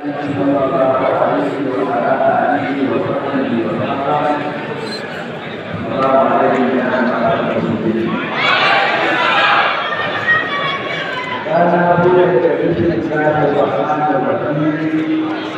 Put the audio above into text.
كان هو الكريم كان الرحمن الرحيم